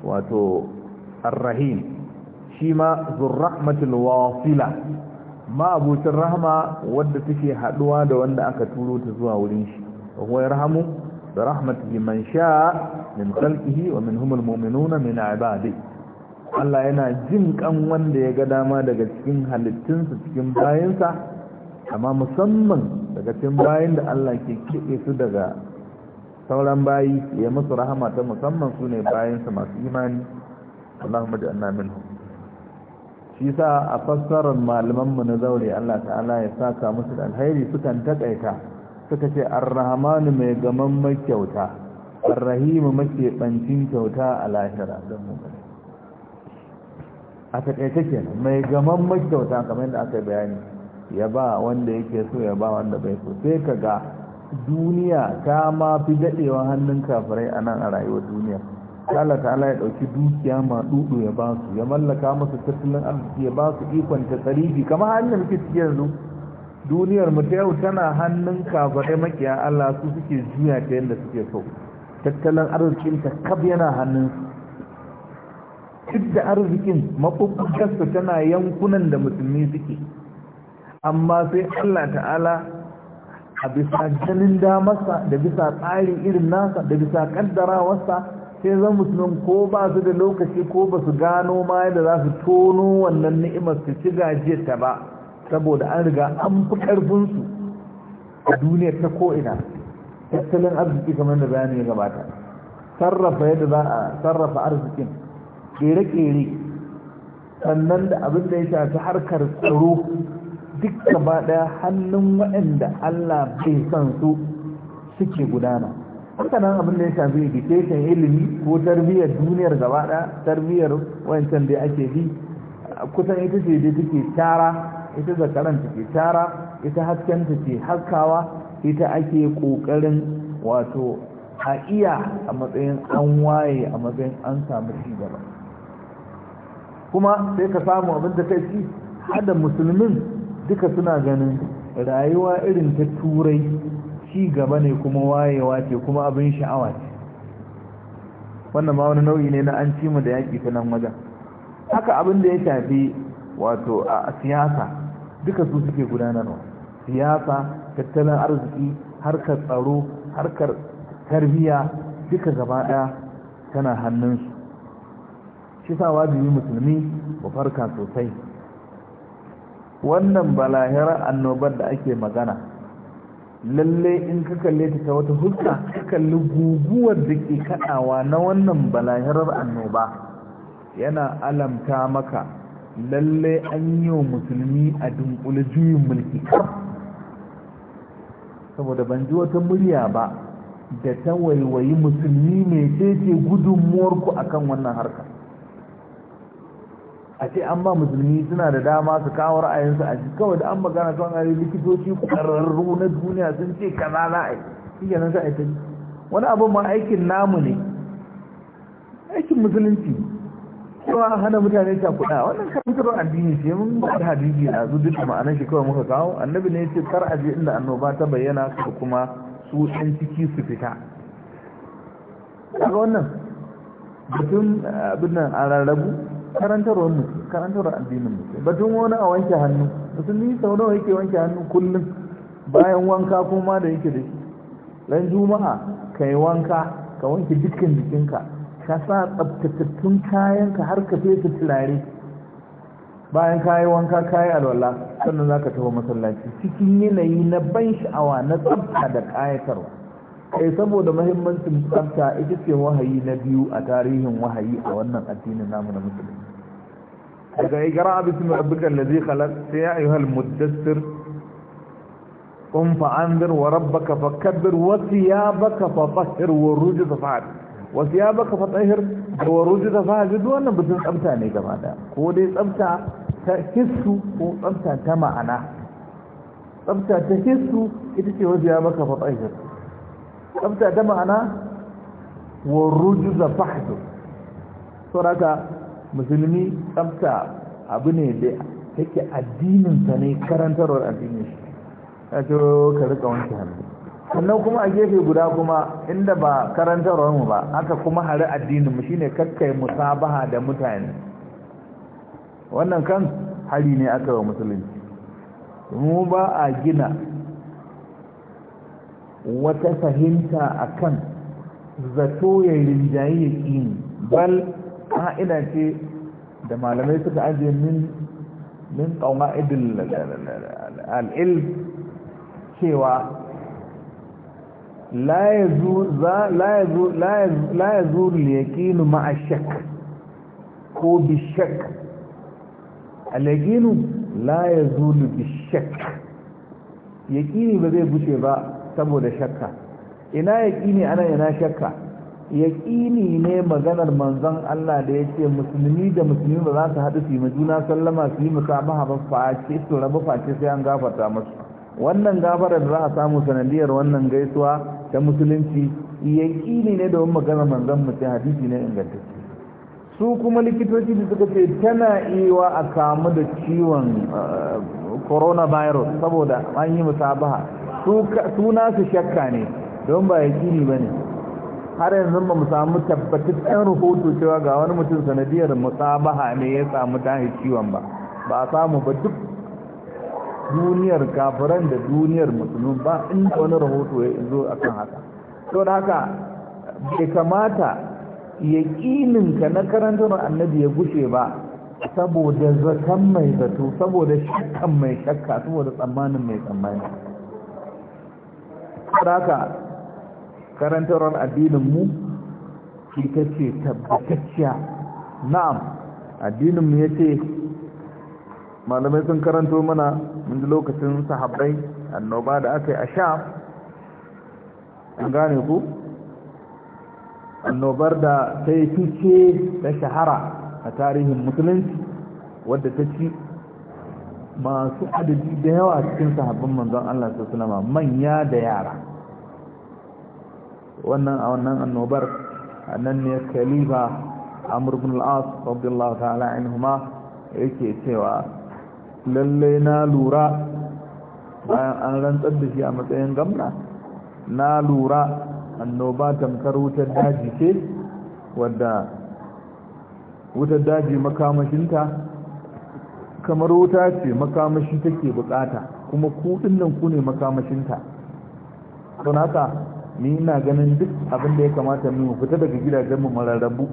Speaker 1: wato ar-rahim shi ma zur rahmatil wasila ma abucin rahma wanda take haduwa da wanda aka turo ta zuwa wurin shi wa yarhamu bi rahmatihi man sha min khalqihi wa minhum al-mu'minuna min ibadihi Allah yana jin kan wanda ya ga dama daga cikin halittunsa cikin bayansa amma musamman daga cikin bayan da Allah ke keɓe su daga sauran bayi ya musu rahama ta musamman su ne bayansa masu imani Allahumma ja'alna minhu shi sa a fassarar malamanmu na zaure Allah ta'ala ya saka musu da alheri sukan taƙaita, suka ce arrahmanu mai gaman makyauta arrahimu ɓancin kyauta a lahira don mu a taƙaice kenan mai gaman makyauta kamar yadda aka bayani ya ba wanda yake so ya ba wanda bai so sai ka ga duniya ta ma fi daɗewa hannun kafirai a nan a rayuwar duniya Allah ala ya ɗauki dukiya ma dudu ya ba su ya mallaka masu tattalin arziki ya ba su ikon ta tsarifi kamar hannun muke ciki yanzu duniyar mu ta yau tana hannun kafirai makiya Allah su suke juya ta yadda suke so tattalin arzikin ta kab yana hannun duk arzikin maɓuɓɓukarsa tana yankunan da musulmi suke amma sai allah ta'ala a bisa ganin damarsa da bisa tsari irin nasa da bisa kaddarawarsa sai zan musulmin ko ba su da lokaci ko ba su gano ma yadda za su tono wannan ni'imar su ci gajiyarta ba saboda an riga an fi ƙarfinsu a duniyar ta ko'ina tattalin arziki kamar da bayanin ya gabata sarrafa yadda za a sarrafa arzikin ƙere-ƙere sannan da abin da ya shafi harkar tsaro duk gabaɗaya ɗaya hannun waɗanda Allah bai san su suke gudana haka nan abin da ya shafi education ilimi ko tarbiyyar duniyar gaba ɗaya tarbiyyar wancan da ake bi kusan ita ce da take tara ita zakaran take tara ita hasken ke haskawa ita ake ƙoƙarin wato a iya a matsayin an waye a matsayin an samu ci gaba kuma sai ka samu abin da kai ci hada musulmin duka suna ganin rayuwa irin ta turai ci gaba ne kuma wayewa ce kuma abin sha'awa ce wannan ma wani nau'i ne na an ci mu da yaƙi ta nan wajen haka abin da ya shafi wato a siyasa duka su suke gudanarwa siyasa tattalin arziki harkar tsaro harkar tarbiyya duka gaba ɗaya tana hannunsu shi sa wajibi musulmi ba farka sosai wannan balahira annobar da ake magana lalle in ka kalle ta wata huska ka kalli guguwar da ke kaɗawa na wannan balahirar annoba yana alamta maka lalle an yi wa musulmi a dunkule juyin mulki saboda ban ji wata murya ba da ta waiwayi musulmi mai ce gudunmuwarku akan wannan harkar a ce an ba musulmi suna da dama su kawo ra'ayinsu a shi kawai da an magana a ayi likitoci ƙwararru na duniya sun ce kaza na ai shi kenan sai ta wani abin ma aikin namu ne aikin musulunci kuma hana mutane ta kuɗa wannan karantarwa addini ce mun ba da hadisi na su duk ma'anar shi kawai muka kawo annabi ne ce kar aje inda annoba ta bayyana su kuma su ɗan ciki su fita kaga wannan batun abin nan a rarrabu karantarwar mu karantarwar addinin mu batun wani a wanke hannu musulmi sau nawa yake wanke hannu kullum bayan wanka kuma da yake da shi ran juma'a kai wanka ka wanke dukkan jikinka ka sa kayan kayanka har ka fesa turare bayan ka yi wanka ka yi alwala sannan za ka tafi masallaci cikin yanayi na ban sha'awa na tsabta da ƙayatarwa eh saboda muhimmancin tsafta ita ce wahayi na biyu a tarihin wahayi a wannan addinin namu na musulmi daga ikra bismi rabbikal ladzi khalaq sai ya ayyuhal muddassir qum fa'anzir wa rabbaka fakabbir wa thiyabaka fatahhir wa rujza fa'ad wa thiyabaka fatahhir wa rujza fa'ad duk wannan bisin tsafta ne gaba da ko dai tsafta ta hissu ko tsafta ta ma'ana tsafta ta hissu ita ce wa thiyabaka fatahhir tsafta da ma'ana wa za fahdu saboda musulmi tsafta abu ne da take addininsa ne karantarwar addinin shi ya ce ka rika wanke hannu sannan kuma a gefe guda kuma inda ba karantarwar mu ba aka kuma hari addinin mu shine kakkai musabaha da mutane wannan kan hari ne aka wa musulunci mu ba a gina wata fahimta akan zato ya rinjaye ya ƙini bal ka'ida ce da malamai suka ajiye min min idin al'il cewa la ya ya zuru yaƙinu shek ko bi a al'yaƙinu la ya zuru bishak yaƙini ba zai bushe ba saboda shakka ina yaƙini ana ina shakka yaƙini ne maganar manzon Allah da ya ce musulmi da musulmi ba za su haɗu su yi juna sallama su yi musabaha ba face su rabu face sai an gafarta musu wannan gafarar da za a samu sanadiyar wannan gaisuwa ta musulunci yaƙini ne domin maganar manzon mu ce hadisi ne inganta su kuma likitoci da suka ce tana iya a kamu da ciwon eh, coronavirus saboda an yi musabaha suna su shakka ne don ba ya kini ba ne har yanzu ba mu samu ɗan rahoto cewa ga wani mutum sanadiyar musabaha ne ya samu tahi ciwon ba ba a samu ba duk duniyar kafiran da duniyar musulun ba inda wani rahoto ya zo a kan haka to da haka bai kamata yaƙininka na karantar annabi ya gushe ba saboda zaton mai zato saboda shakkan mai shakka saboda tsammanin mai tsammani saboda haka karantarwar addininmu ita ce tabbatacciya na'am addininmu ya ce malamai sun karanto mana mun lokacin sahabbai annoba da aka yi a sha an gane ku annobar da ta yi fice ta shahara a tarihin musulunci wadda ta ci masu adadi da yawa cikin sahabban manzon Allah su manya da yara wannan a wannan annobar nan ne khalifa a ibn al'as as ta'ala anhuma yake cewa lalle na lura bayan an rantsar da shi a matsayin gamna na lura annoba tamkar wutar daji ce wadda wutar daji makamashinta kamar wuta ce makamashi take bukata kuma kudin nan ku ne makamashinta don ni ina ganin duk abin da ya kamata mu fita daga gidajen mu mararrabu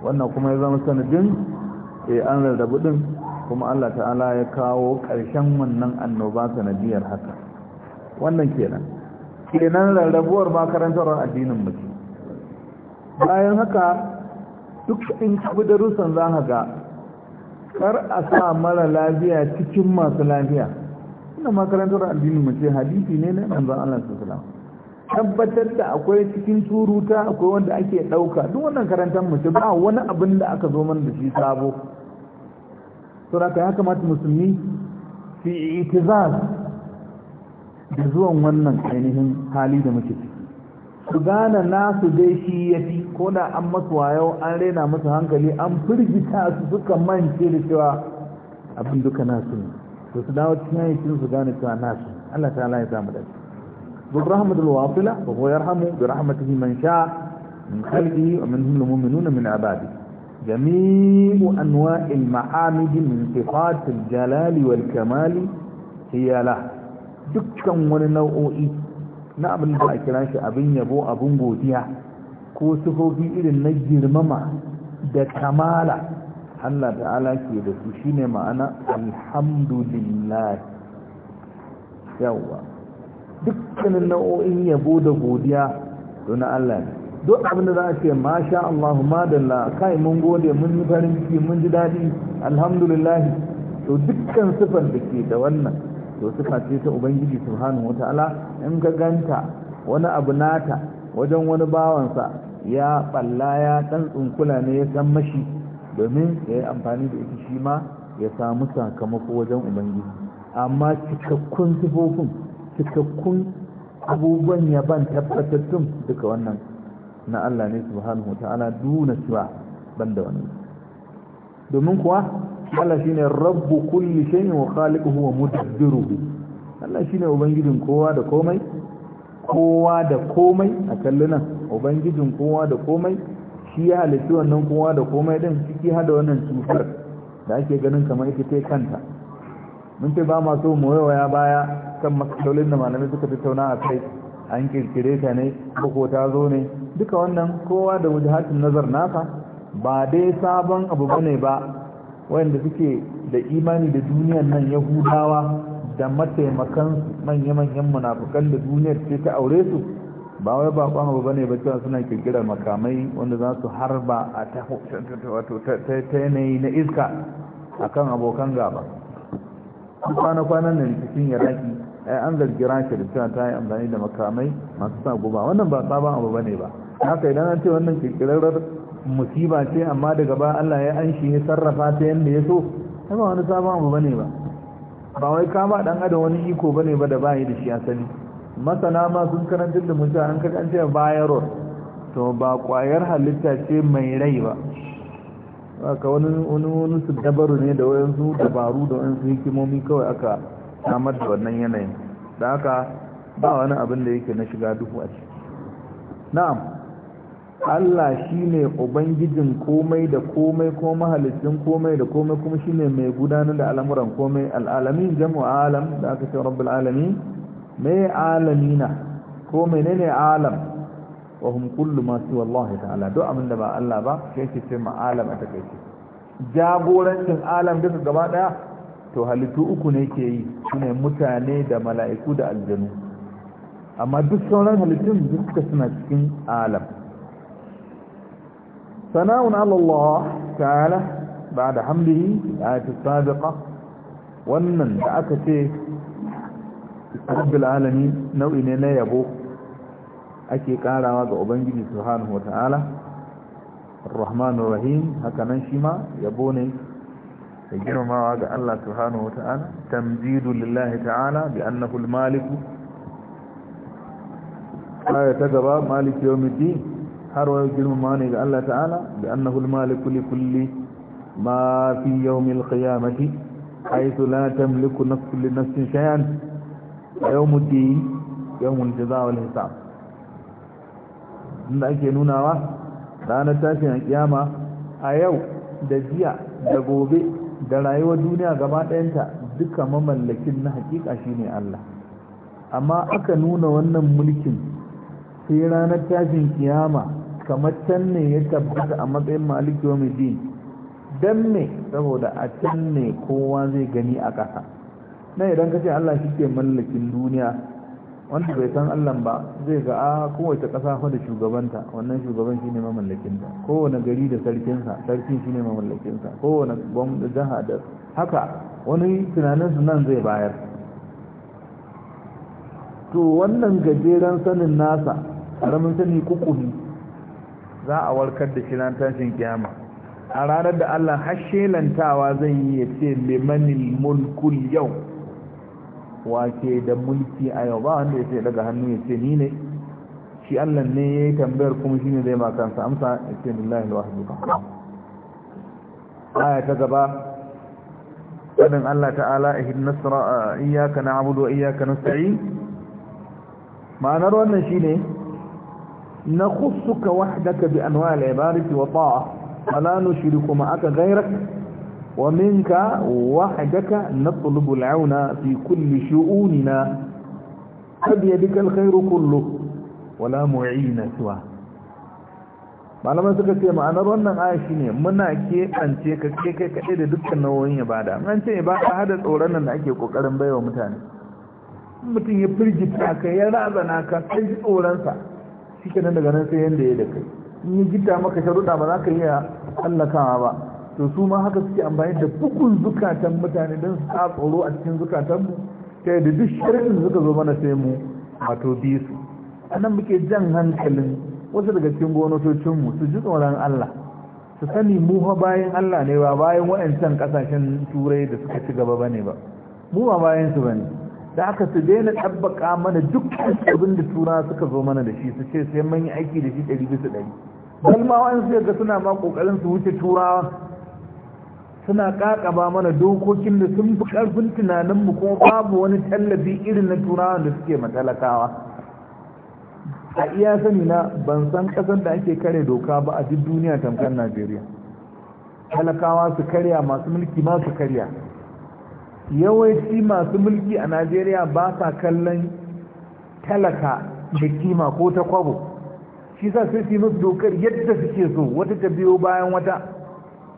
Speaker 1: wannan kuma ya zama sanadin eh an rarrabu din kuma Allah ta'ala ya kawo ƙarshen wannan annoba sanadiyar haka wannan kenan kenan rarrabuwar makarantar addinin mu bayan haka duk in kabi darussan za ka ga kar a sa mara lafiya cikin masu lafiya ina makarantar addinin mu ce hadisi ne na manzon Allah sallallahu alaihi wasallam tabbatar da akwai cikin turuta akwai wanda ake ɗauka duk wannan karantar mace ba wani abin da aka zo mana da shi sabo sauraka ya kamata musulmi fi itizaz da zuwan wannan ainihin hali da muke ciki su gane nasu dai shi ya fi ko da an masu wayo an rena masu hankali an firgita su suka mance da cewa abin duka nasu ne to su dawo cikin yankin su gane cewa nasu Allah ta ya samu dace بالرحمة الواصلة وهو يرحم برحمته من شاء من خلقه ومنهم المؤمنون من عباده جميع أنواع المحامد من صفات الجلال والكمال هي له dukkan wani nau'o'i na abin a kira shi abin yabo abin godiya ko sufofi irin na girmama da kamala Allah ta'ala ke da su shine ma'ana alhamdulillah yawwa dukkanin nau'o'in yabo da godiya to Allah ne duk abinda za a ce masha Allah madalla kai mun gode mun yi farin ciki mun ji daɗi alhamdulillah to dukkan sifar da ke da wannan to suka ce ta ubangiji subhanahu wataala in ka ganta wani abu nata wajen wani bawansa ya balla ya dan tsunkula ne ya san mashi domin ya yi amfani da ita shi ma ya samu sakamako wajen ubangiji amma cikakkun sifofin cikakkun abubuwan yaban tabbatattun duka wannan na Allah ne subhanahu wa ta'ala duna ban da wannan domin kuwa Allah shine rabbu kulli shay'in wa khaliquhu wa mudabbiruhu Allah shine ubangijin kowa da komai kowa da komai a kallunan ubangijin kowa da komai shi ya halitta wannan kowa da komai din ciki hada wannan cutar da ake ganin kamar ita ta kanta mun ce ba ma so mu baya akan matsalolin da malamai suka tattauna a kai an kirkire ta ne ko ta zo ne duka wannan kowa da wujahatin nazar nasa ba dai sabon abu bane ba wanda suke da imani da duniyar nan yahudawa da mataimakan manya-manyan munafukan da duniyar ce ta aure su ba wai kwan abu bane ba cewa suna kirkirar makamai wanda za su harba a ta yanayi na iska akan abokan gaba kwana-kwanan nan cikin yaraki an zargira shi da cewa ta yi amfani da makamai masu sa guba wannan ba sabon abu bane ba haka idan an ce wannan kirkirar musiba ce amma daga ba Allah ya an shi ya sarrafa ta yadda ya so ba wani sabon abu bane ba ba wai ka ba dan adam wani iko ne ba da bayi da shi asali masana ma sun karantar da mutum an ka kance virus to ba kwayar halitta ce mai rai ba ka wani wani su dabaru ne da su dabaru da su hikimomi kawai aka samar da wannan yanayin da haka ba wani abin da yake na shiga duhu a ciki na'am Allah shine ubangijin komai da komai ko mahalicin komai da komai kuma shine mai gudanar da al'amuran komai al'alamin jam'u alam da aka ce rabbul alamin mai alamina ko menene alam wa hum kullu ma siwa Allah ta'ala duk abin da ba Allah ba sai yake ce ma alam a takeice jagorancin alam duka gaba daya to halittu uku ne ke yi sune mutane da mala'iku da aljanu amma duk sauran halittun duka suna cikin alam sana'un Allah ta'ala ba da hamdihi a ta sabiqa wannan da aka ce rabbil alami nau'i ne na yabo ake karawa ga ubangiji subhanahu wa ta'ala ar rahim haka nan shi ma yabo ne da girmamawa ga Allah subhanahu wa ta'ala tamjidu lillahi ta'ala bi annahu al-maliku aya ta gaba maliki malik yawmiddin har wa girmamawa ne ga Allah ta'ala bi annahu al-maliku li kulli ma fi yau yawm al-qiyamati haythu la tamliku nafsun li nafsin shay'an yawmuddin yawmul jazaa wal hisab inda ake nunawa ranar tashin kiyama a yau da jiya da gobe da rayuwar duniya gaba ɗayanta duka mamallakin na hakika ne Allah amma aka nuna wannan mulkin sai ranar tashin kiyama kamar can ne ya tabbata a matsayin maliki wa mai don ne saboda a can ne kowa zai gani a ƙasa na idan ka ce Allah shi ke mallakin duniya wanda bai san Allah ba zai ga a ah, kowace ƙasa fa da shugabanta wannan shugaban shine mamallakinta kowane gari da sarkinsa sarki shine mamallakinsa kowane gwamnati jaha da haka wani tunanin su nan zai bayar to wannan gajeren sanin nasa karamin sani kukuni za a warkar da shiran tashin kiyama a ranar da Allah har shelantawa zai yi ya ce limanil mulkul yau wake da mulki a yau ba wanda ya ce daga hannu ya ce ni ne shi Allah ne ya yi tambayar kuma shi ne zai ma amsa ya ce lillahi wahdu ta gaba fadin Allah ta'ala ihin nasra iyyaka na'budu wa iyyaka nasta'in ma'anar wannan shine nakhussuka wahdaka bi anwa'il ibadati wa ta'a shiri kuma aka ghayrak ومنك وحدك نطلب العون في كل شؤوننا فبيدك الخير كله wala mu'ina suwa malaman suka ce ma'anar wannan aya shine muna keɓance ka ke kai kaɗai da dukkan nawoyin ibada an ce ibada hada tsoron nan da ake kokarin baiwa mutane mutum ya firgita ka ya razana ka sai tsoronsa shi nan daga nan sai yadda ya da kai in yi gita maka sharuɗa ba za ka iya tsallakawa ba to su ma haka suke amfani da bukun zukatan mutane don su tsoro a cikin zukatanmu ta yadda duk shirin suka zo mana sai mu wato bi su a nan muke jan hankalin wasu daga cikin gwamnatocinmu su ji tsoron allah su sani mu ha bayan allah ne ba bayan wa'ancan kasashen turai da suka ci gaba ba ne ba mu ba bayan su ba da aka su daina tabbaka mana duk abin da tura suka zo mana da shi su ce sai mun yi aiki da shi ɗari bisa ɗari bal ma wa'ansu yadda suna ma ƙoƙarin su wuce turawa suna kakaba mana dokokin da sun fi karfin tunaninmu kuma babu wani tallafi irin na turawan da suke matalakawa a iya sani na ban san kasar da ake kare doka ba a duk duniya tamkar najeriya talakawa su karya masu mulki ma su karya yawanci masu mulki a najeriya ba sa kallon talaka da kima ko ta kwabo shi sa sai su yi masu dokar yadda suke so wata ta biyo bayan wata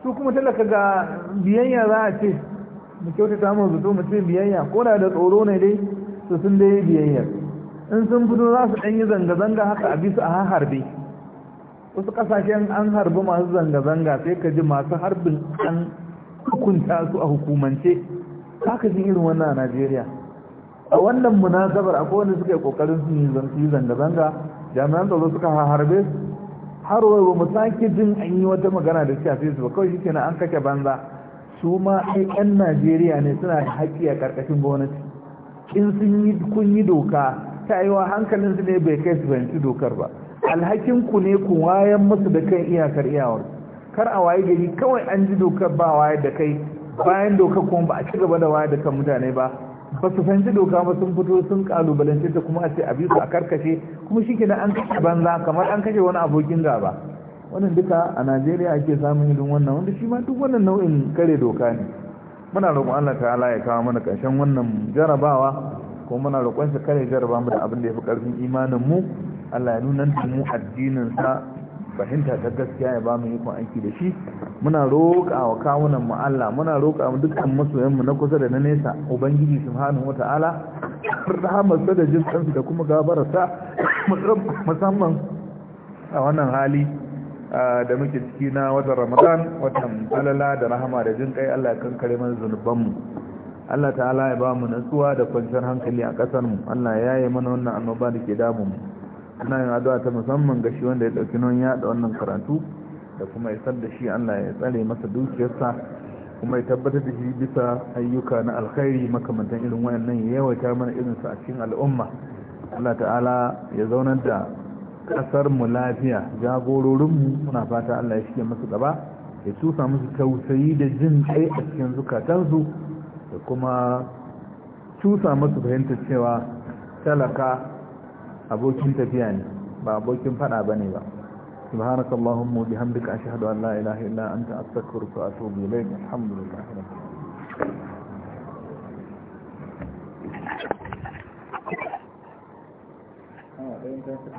Speaker 1: su kuma talaka ga biyayya za a ce mu kyautata mu zuto mu ce biyayya ko da tsoro ne dai su sun dai biyayya in sun fito za su ɗan yi zanga-zanga haka a bisu a harbe wasu ƙasashen an harbi masu zanga-zanga sai ka ji masu harbin an hukunta su a hukumance haka ji irin wannan a najeriya a wannan munasabar akwai wanda suka yi ƙoƙarin su yi zanga-zanga jami'an tsaro suka harbe har ba mu sake jin an yi wata magana da shafi su ba kawai shike na an kake banza su ma ai yan najeriya ne suna da haƙƙi a ƙarƙashin gwamnati in sun yi kun yi doka ta yi hankalin su ne bai kai su fahimci dokar ba alhakin ku ne ku wayan musu da kan iyakar iyawar kar a waye gari kawai an ji dokar ba waye da kai bayan dokar kuma ba a ci gaba da waye da kan mutane ba ba su fahimci doka ba sun fito sun kalubalance ta kuma a ce a biyu a karkashe kuma shi kenan an kashe banza kamar an kashe wani abokin gaba wannan duka a najeriya ake samun irin wannan wanda shi ma duk wannan nau'in kare doka ne muna roƙon allah ta'ala ya kawo mana ƙarshen wannan jarabawa kuma muna roƙon shi kare jarabawa mu da abin da ya fi ƙarfin imanin mu allah ya nuna mu addinin sa fahimta ta gaskiya ya ba mu ikon aiki da shi muna roƙa wa kawunan mu Allah muna roƙa mu dukkan masoyan mu na kusa da na nesa ubangiji subhanahu wataala rahamar sa da jin kansu da kuma gafarar musamman a wannan hali da muke ciki na watan Ramadan watan alala da rahama da jin kai Allah kan kare mana zunuban mu Allah ta'ala ya ba mu natsuwa da kwanciyar hankali a ƙasar mu Allah ya yi mana wannan annoba da ke damu mu ana yin addu'a ta musamman ga shi wanda ya dauki non yada wannan karatu da kuma isar da shi Allah ya tsare masa dukiyarsa kuma ya tabbatar da shi bisa ayyuka na alkhairi makamantan irin wayannan ya yawaita mana irin su a cikin al'umma Allah ta'ala ya zaunar da kasar mu lafiya jagororin mu muna fata Allah ya shige masu gaba ya tusa musu tausayi da jin kai a cikin zukatansu da kuma cusa musu fahimtar cewa talaka abokin tafiya ne ba abokin fada bane ba subhanakallahumma bihamdika ashhadu an la ilaha illa anta astaghfiruka wa atubu ilayk alhamdulillah
Speaker 2: Thank you.